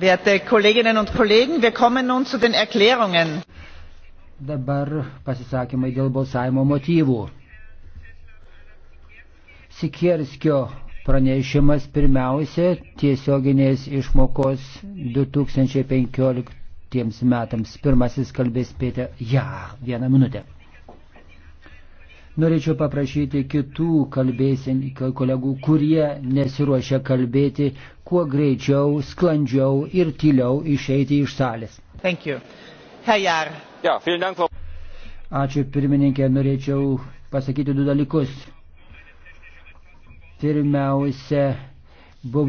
Werte Kolleginnen und Kollegen, wir kommen nun zu den Erklärungen. Dabar pasisakymai dėl balsavimo motyvų. Sikierskio pranešimas pirmiausia tiesioginės išmokos 2015 metams. Pirmasis kalbės Pėtė. Ja, vieną minutę. Norėčiau paprašyti kitų kalbėsin, kolegų, kurie nesiruošia kalbėti, kuo greičiau, sklandžiau ir tyliau išeiti iš salės. Ačiū pirmininkė, norėčiau pasakyti du dalykus. Pirmiausia, buvo